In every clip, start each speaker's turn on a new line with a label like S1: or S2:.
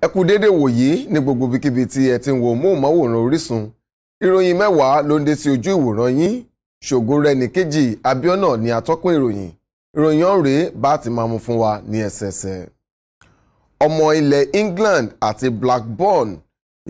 S1: ẹ kú déédéé wòyí ní gbogbo ibikíbi tí ẹ ti ń wo móhùnmáwòrán Orísun ìròyìn mẹ́wàá ló ń dé sí ojú ìwòran yín ṣògo rẹni kejì Abíọ́nà ni atọ́kùn ìròyìn ìròyìn ọ̀rẹ́ bá ti máa mú fún wa ní ẹsẹẹsẹ. ọmọ ilẹ̀ England àti Blackburn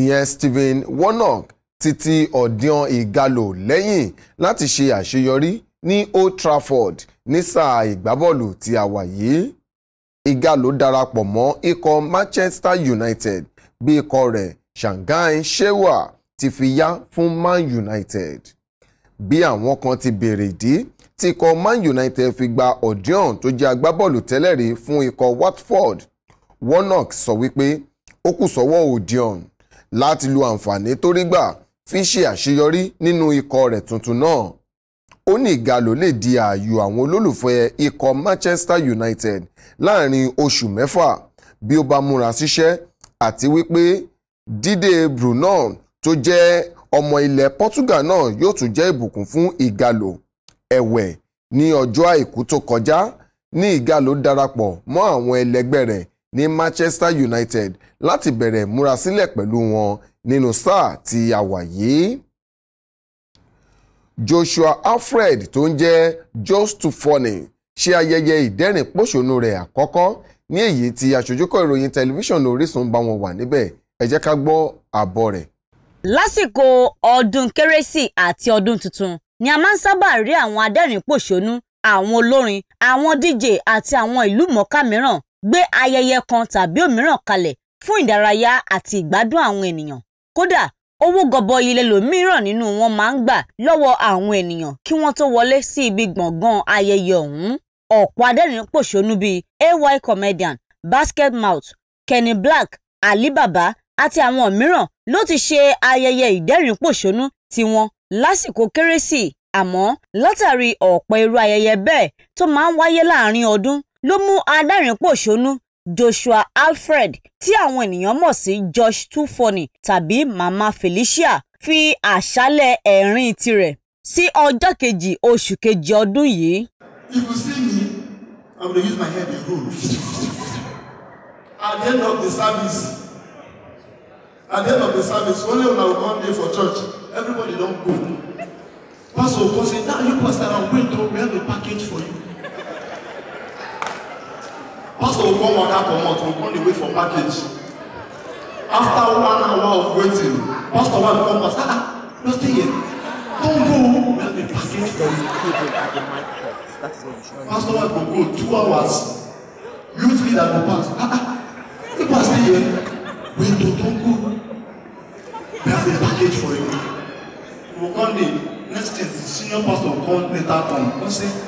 S1: ìyẹn Stephen Warnock ti ti ọ̀dìàn ìgalò lẹ́yìn láti ṣe àṣeyọrí ní Old Trafford ní sáà ìgbábọ́ọ̀lù tí a yìí Ighalo darapọ̀ mọ́ ikọ̀ Manchester United bí ikọ̀ rẹ̀ Shanghai Shewa ti fi yá fún Man United. Bí àwọn kan ti béèrè ìdí tí ikọ̀ Man United fi gba Odion tó jẹ́ agbábọ́ọ̀lù tẹ́lẹ̀ rí fún ikọ̀ Watford Warnock sọ wípé ó kù sọ́wọ́ Odion láti lo àǹfààní tó rí gbà fi ṣe àṣeyọrí nínú ikọ̀ rẹ̀ tuntun náà ó ní ìgalò lè di ààyò àwọn olólùfẹ́ ikọ̀ Manchester United láàrin oṣù mẹ́fà bí ó bá múra síṣẹ́ àti wípé dídé Bruno tó jẹ́ ọmọ ilẹ̀ Portugal náà yóò tún jẹ́ ìbùkún fún ìgalò ẹ̀wẹ̀ ní ọjọ́ àìkú tó kọjá ní ìgalò darapọ̀ mọ́ àwọn ẹlẹgbẹ́ rẹ̀ ní Manchester United láti bẹ̀rẹ̀ múra sílẹ̀ pẹ̀lú wọn nínú sáà tí a Joshua Alfred tó ń jẹ́ Just to Funny ṣe ayẹyẹ ìdẹ́rìn pòṣónú rẹ̀ àkọ́kọ́ ní èyí tí aṣojúkọ̀ ìròyìn tẹlifíṣàn Orísun bá wọn wà níbẹ̀ ẹ jẹ́ ká gbọ́ àbọ̀ rẹ̀.
S2: lásìkò ọdún kérésì àti ọdún tuntun ni a máa ń sábà rí àwọn adẹ́rìn pòṣónú àwọn olórin àwọn DJ àti àwọn ìlú mọ̀ọ́ká mìíràn gbé ayẹyẹ kan tàbí òmíràn kalẹ̀ fún ìdárayá àti ìgbádùn àwọn ènìyàn kódà owó gọbọi lẹlòmíràn nínú wọn máa ń gbà lọ́wọ́ àwọn ènìyàn kí wọ́n tó wọlé sí ibi gbọ̀ngàn ayẹyẹ ọ̀hún ọ̀pọ̀ adẹ́rìn pòṣónú bíi ay comedian basket mouth kenny black alibaba àti àwọn mìíràn ló ti ṣe ayẹyẹ ìdẹ́rìn pòṣónú tiwọn lásìkò kérésì àmọ́ látàrí ọ̀pọ̀ irú ayẹyẹ bẹ́ẹ̀ tó máa ń wáyé láàrin ọdún ló mú adẹ́rìn pòṣónú Joshua Alfred tí àwọn ènìyàn mọ̀ sí Josh Tufunny tàbí Mama Felicia fi àṣálẹ̀ ẹ̀rín tirẹ̀ sí ọjọ́ kejì oṣù kejì ọdún yìí. If you see
S1: me, I'm gonna use my head and go. At the end of the service, at the end of the service, only una go come dey for church, everybody don go. Pastor go say, now you pastor, I'm going to, we have a package for you. So one other commot, we come only wait for package. After one hour of waiting, pastor man come pass, ah, no ah, stay here. Don't go. We have a package for you. Pastor man go go two hours. Youth leader go pass, ah, ah, you pass stay here. Wait, don't, don't go. We have a package for you. We come there. Next day. the senior pastor come later come. Come say.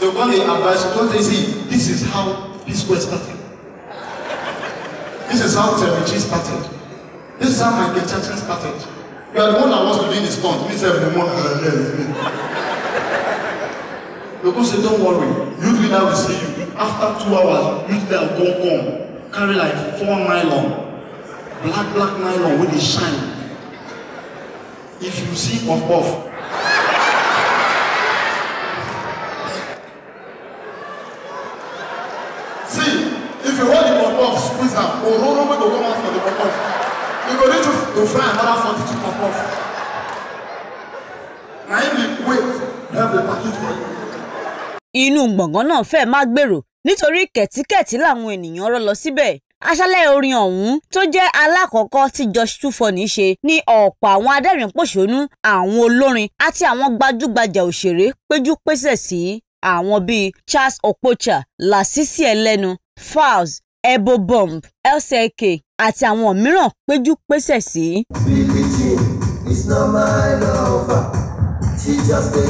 S1: They will call advise advice because they see this is how this was started. This is how Terry started. This is how my Jackson started. You are the one that wants to do this stunt. Me self, the one. Because say, don't worry. You do that, we see you. After two hours, you there go come. Carry like four nylon. Black, black nylon with the shine. If you see off off, to fry another 42 puff puff. Now if you
S2: wait, have a package for you. Inú gbọ̀ngàn náà fẹ́ má gbèrò nítorí kẹ̀tíkẹ̀tí làwọn ènìyàn rọ́ lọ síbẹ̀ aṣálẹ̀ orin ọ̀hún tó jẹ́ alákọ̀ọ́kọ́ tí Josh Tufunny ṣe ní ọ̀pọ̀ àwọn adẹ́rìn-pòṣónú àwọn olórin àti àwọn gbajúgbajà òṣèré péjú pésẹ̀ sí àwọn bíi Charles Okocha Lasisi Ẹlẹ́nu Falz Ebo Bomb LCK àti àwọn mìíràn péjú pésẹ̀ sí.
S1: my lover. She just a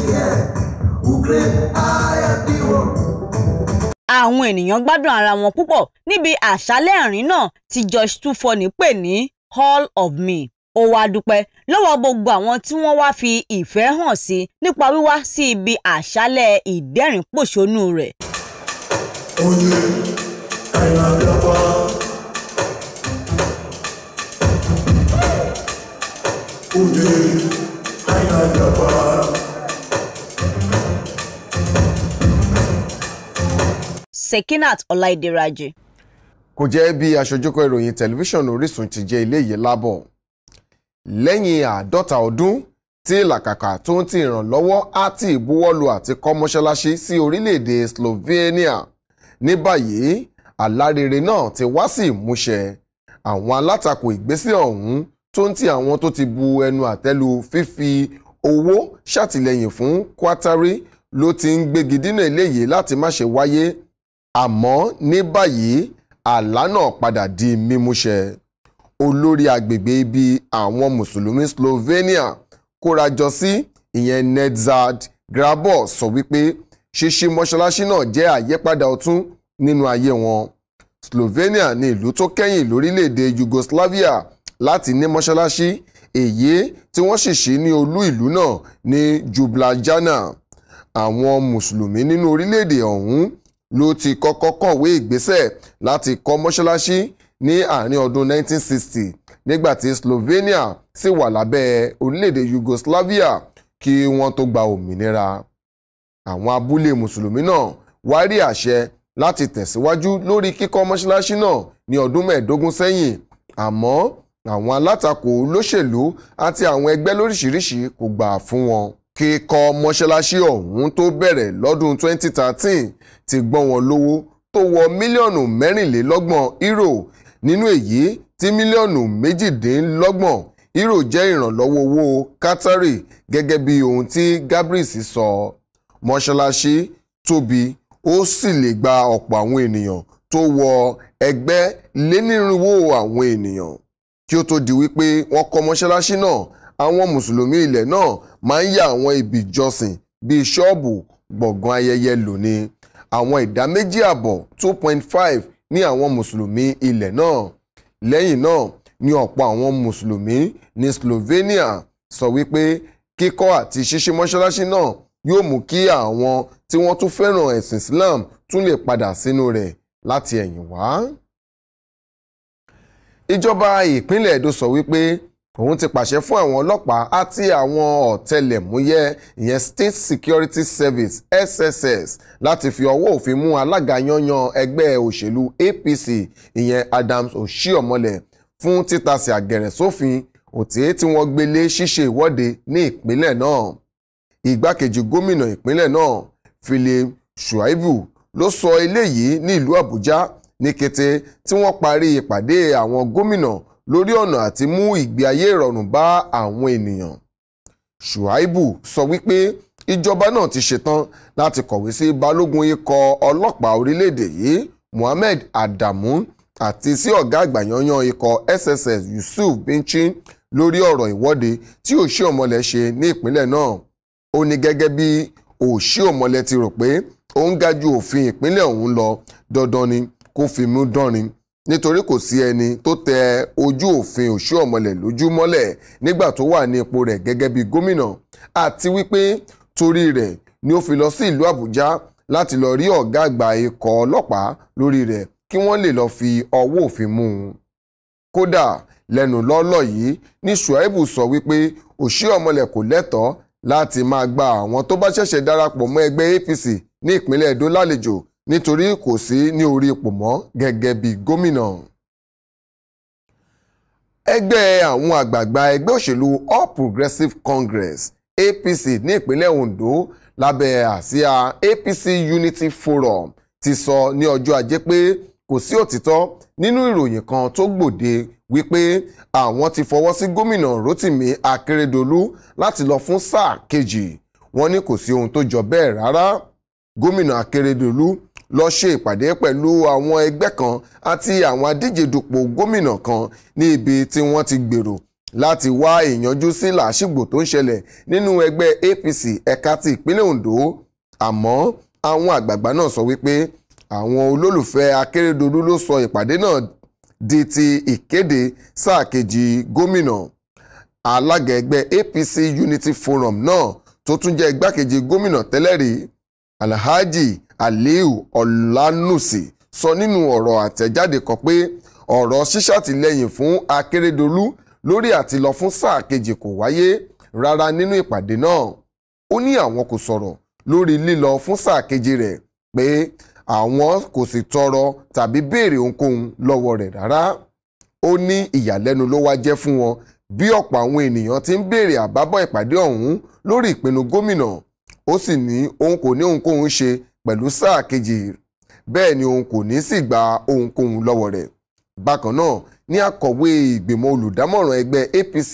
S1: girl I am the one
S2: àwọn ènìyàn gbádùn ara wọn púpọ̀ níbi àṣálẹ̀ ẹ̀rín náà tí George Tufoni pè ní All of Me. ó wá dúpẹ́ lọ́wọ́ gbogbo àwọn tí wọ́n wá fi ìfẹ́ hàn sí nípa wíwá sí ibi àṣálẹ̀ ìdẹ́rìn-pòṣónú rẹ̀. oye ẹ̀rọ lọ́wọ́. Indeed, I am the one. Sekinat Ọláìdíraji.
S1: Kò jẹ́ bí aṣojúkọ ìròyìn tẹlifíṣàn Orísun ti jẹ́ ilé yìí lábọ̀. Lẹ́yìn àádọ́ta ọdún tí làkàkà tó ń ti ìrànlọ́wọ́ á ti ìbuwọ́lù àti kọ́ sí orílẹ̀-èdè Slovenia. Ní báyìí, àlárere náà ti wá sí ìmúṣẹ. Àwọn alátakò ìgbésẹ̀ ọ̀hún tó ń ti àwọn tó ti bu ẹnu àtẹ́lu fífi owó ṣàtìlẹ́yìn fún Qatari ló ti ń gbégi dínà eléyìí láti má ṣe wáyé àmọ́ ní báyìí àlá náà padà di mímúṣẹ olórí agbègbè ibi àwọn mùsùlùmí Slovenia kórajọ sí ìyẹn Nedzad Grabo sọ wípé ṣíṣí mọ́ṣáláṣí náà jẹ́ àyípadà ọ̀tun nínú ayé wọn Slovenia ni ìlú tó kẹ́yìn lórílẹ̀ Yugoslavia láti ní mọ́ṣáláṣí èyí tí wọ́n sì ṣí ní olú ìlú náà ní Jublajana àwọn mùsùlùmí nínú orílẹ̀-èdè ọ̀hún ló ti kọ́kọ́ kọ̀wé ìgbésẹ̀ láti kọ́ mọ́ṣáláṣí ní àárín ọdún 1960 nígbà tí Slovenia sì wà lábẹ́ orílẹ̀-èdè Yugoslavia kí wọ́n tó gba òmìnira àwọn abúlé mùsùlùmí náà wá rí àṣẹ láti tẹ̀síwájú lórí kíkọ́ mọ́ṣáláṣí náà ní ọdún mẹ́ẹ̀ẹ́dógún sẹ́yìn àmọ́ àwọn alátakò olóṣèlú àti àwọn ẹgbẹ́ lóríṣìíríṣìí kò gbà fún wọn. kíkọ́ mọ́ṣáláṣí ọ̀hún tó bẹ̀rẹ̀ lọ́dún 2013 ti gbọ́n wọn lówó tó wọ mílíọ̀nù mẹ́rìnlélọ́gbọ̀n euro nínú èyí tí mílíọ̀nù méjìdínlọ́gbọ̀n euro jẹ́ ìrànlọ́wọ́ owó Qatari gẹ́gẹ́ bí ohun tí Gabriels sọ mọ́ṣáláṣí tóbi ó sì lè gba ọ̀pọ̀ àwọn ènìyàn tó wọ ẹgbẹ́ lénírínwó àwọn ènìyàn kí ó tó di wípé wọ́n kọ́ mọ́ṣáláṣí náà àwọn mùsùlùmí ilẹ̀ náà máa ń yà àwọn ibi ìjọsìn bíi ṣọ́ọ̀bù gbọ̀ngàn ayẹyẹ lò ní àwọn ìdá méjì àbọ̀ two point five ní àwọn mùsùlùmí ilẹ̀ náà lẹ́yìn náà ni ọ̀pọ̀ àwọn mùsùlùmí ní Slovenia sọ wípé kíkọ́ àti ṣíṣí mọ́ṣáláṣí náà yóò mú kí àwọn tí wọ́n tún fẹ́ràn ẹ̀sìn Islam tún lè padà sínú rẹ̀ láti ẹ̀yìn wá ìjọba ìpínlẹ̀ Èdó sọ wípé òun ti pàṣẹ fún àwọn ọlọ́pàá àti àwọn ọ̀tẹlẹ̀múyẹ́ ìyẹn State Security Service SSS láti fi ọwọ́ òfin mú alága yanyan ẹgbẹ́ òṣèlú APC ìyẹn Adams Oshiomhole fún títasẹ̀ àgẹ̀rẹ̀ sófin òtí tí wọ́n gbélé ṣíṣe ìwọ́de ní ìpínlẹ̀ náà igbákejì gómìnà ìpínlẹ̀ náà Philip Shuaibu ló sọ eléyìí ní ìlú Àbújá ní kété tí wọ́n parí ìpàdé àwọn gómìnà lórí ọ̀nà àti mú ìgbé ayé ìrọ̀rùn bá àwọn ènìyàn. Shuaibu sọ wípé ìjọba náà ti ṣetán láti kọ̀wé sí balógun ikọ̀ ọlọ́pàá orílẹ̀-èdè yìí Mohammed Adamu àti sí ọ̀gá àgbà yanyan ikọ̀ SSS Yusuf Bichi lórí ọ̀rọ̀ ìwọ́de tí òṣì ọ̀mọ̀lé ṣe ní ìpínlẹ̀ náà ó ní gẹ́gẹ́ bí òṣì ọ̀mọ̀lé ti rò pé òun ga òfin ìpínlẹ̀ òun lọ dandan ni kó fi mú dánrin nítorí kò sí ẹni tó tẹ ojú òfin òṣù ọ̀mọ̀lẹ̀ lójú mọ́lẹ̀ nígbà tó wà ní ipò rẹ̀ gẹ́gẹ́ bí gómìnà àti wípé torí rẹ̀ ni ó fi lọ sí ìlú Àbújá láti lọ rí ọ̀gá àgbà ikọ̀ ọlọ́pàá lórí rẹ̀ kí wọ́n lè lọ fi ọwọ́ òfin mú un. kódà lẹ́nu lọ́lọ́ yìí ni Shuaibu sọ wípé òṣì ọmọlẹ̀ kò lẹ́tọ̀ọ́ láti máa gba àwọn tó bá ṣẹ̀ṣẹ̀ darapọ̀ mọ́ ẹgbẹ́ APC ní ìpínlẹ̀ Èdó lálejò nítorí kò sí ní orí ipò mọ́ gẹ́gẹ́ bí gómìnà. ẹgbẹ́ àwọn àgbààgbà ẹgbẹ́ òṣèlú All Progressives Congress APC ní ìpínlẹ̀ Ondo lábẹ́ àsíá APC Unity Forum ti sọ ní ọjọ́ ajé pé kò sí òtítọ́ nínú ìròyìn kan tó gbòde wípé àwọn ti fọwọ́ sí gómìnà Rotimi Akeredolu láti lọ fún sáà kejì wọ́n ní kò sí ohun tó jọ bẹ́ẹ̀ rárá gómìnà Akeredolu lọ ṣe ìpàdé pẹ̀lú àwọn ẹgbẹ́ kan àti àwọn adíje dupò gómìnà kan ní ibi tí wọ́n ti gbèrò láti wá ìyanjú sí làásìgbò tó ń ṣẹlẹ̀ nínú ẹgbẹ́ APC ẹ̀ka ti ìpínlẹ̀ Ondo àmọ́ àwọn àgbààgbà náà sọ wípé àwọn olólùfẹ́ Akérèdọ́lù ló sọ ìpàdé náà di ti ìkéde sáà kejì gómìnà alága ẹgbẹ́ APC Unity Forum náà tó tún jẹ́ igbákejì gómìnà tẹ́lẹ̀ Alhaji aliu ọ̀lànùsì sọ nínú ọ̀rọ̀ àtẹ̀jáde kan pé ọ̀rọ̀ ṣíṣàtìlẹ́yìn fún akérèdọ́lù lórí àtìlọ fún sáà kejì kò wáyé rárá nínú ìpàdé náà ó ní àwọn kò sọ̀rọ̀ lórí lílọ fún sáà kejì rẹ̀ pé àwọn kò sì tọrọ tàbí béèrè ohunkóhun lọ́wọ́ rẹ̀ rárá ó ní ìyàlẹ́nu ló wá jẹ́ fún wọn bí ọ̀pọ̀ àwọn ènìyàn ti ń béèrè àbábọ̀ ìpàdé ọ̀hún lórí ìpinnu gómìnà ó sì ní òun kò ní ohunkóhun ṣe pẹ̀lú sáà kejì bẹ́ẹ̀ ni òun kò ní sì gba ohunkóhun lọ́wọ́ rẹ̀ bákan náà ní akọ̀wé ìgbìmọ̀ olùdámọ̀ràn ẹgbẹ́ APC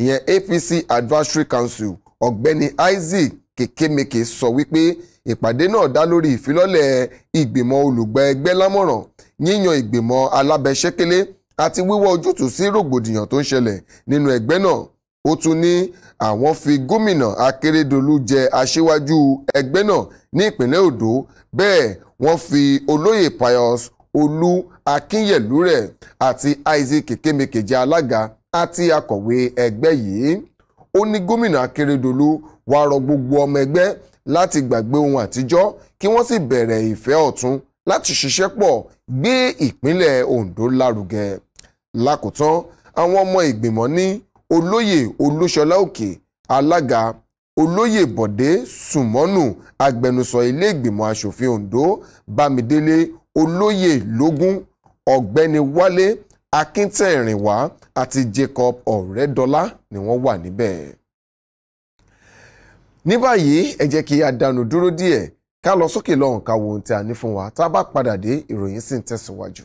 S1: ìyẹn APC Advisory Council ọ̀gbẹ́ni Isaac Kekemeke sọ wípé ìpàdé náà dá lórí ìfilọ́lẹ̀ ìgbìmọ̀ olùgbà ẹgbẹ́ lámọ̀ràn yíyan ìgbìmọ̀ alábẹ́sẹ́kẹ́lé àti wíwá ojútùú sí rògbòdìyàn tó ń ṣẹlẹ̀ nínú ẹgbẹ́ náà ó tún ní àwọn fi gómìnà akérèdọ́lù jẹ aṣíwájú ẹgbẹ́ náà ní ìpínlẹ̀ Ondo bẹ́ẹ̀ wọ́n fi olóyè Pius Olú Akínyẹ̀lú rẹ̀ àti Isaac Kékémekè jẹ alága àti akọ̀wé ẹgbẹ́ yìí ó ní gómìnà akérèdọ́lù wàá rọ gbogbo ọmọ ẹgbẹ́ láti gbàgbé ohun àtijọ́ kí wọ́n sì bẹ̀rẹ̀ ìfẹ́ ọ̀tun láti ṣiṣẹ́ pọ̀ gbé ìpínlẹ̀ Ondo lárugẹ lákòótán àwọn ọmọ ìgbìmọ̀ ní olóyè olúṣọlá òkè alága olóyè bọ̀dé sùmọ́nù agbẹnusọ ilé ìgbìmọ̀ asòfin ondo bámidélé olóyè lógún ọ̀gbẹ́ni wálé akíntẹ̀rìnwá àti jacob ọ̀rẹ́dọ́lá ni wọ́n wà níbẹ̀. ní báyìí ẹ jẹ́ kí a dánu dúró díẹ̀ ká lọ sókè lọ́hùn ká wo ohun tí a ní fún wa tá a bá padà dé ìròyìn sì ń tẹ̀síwájú.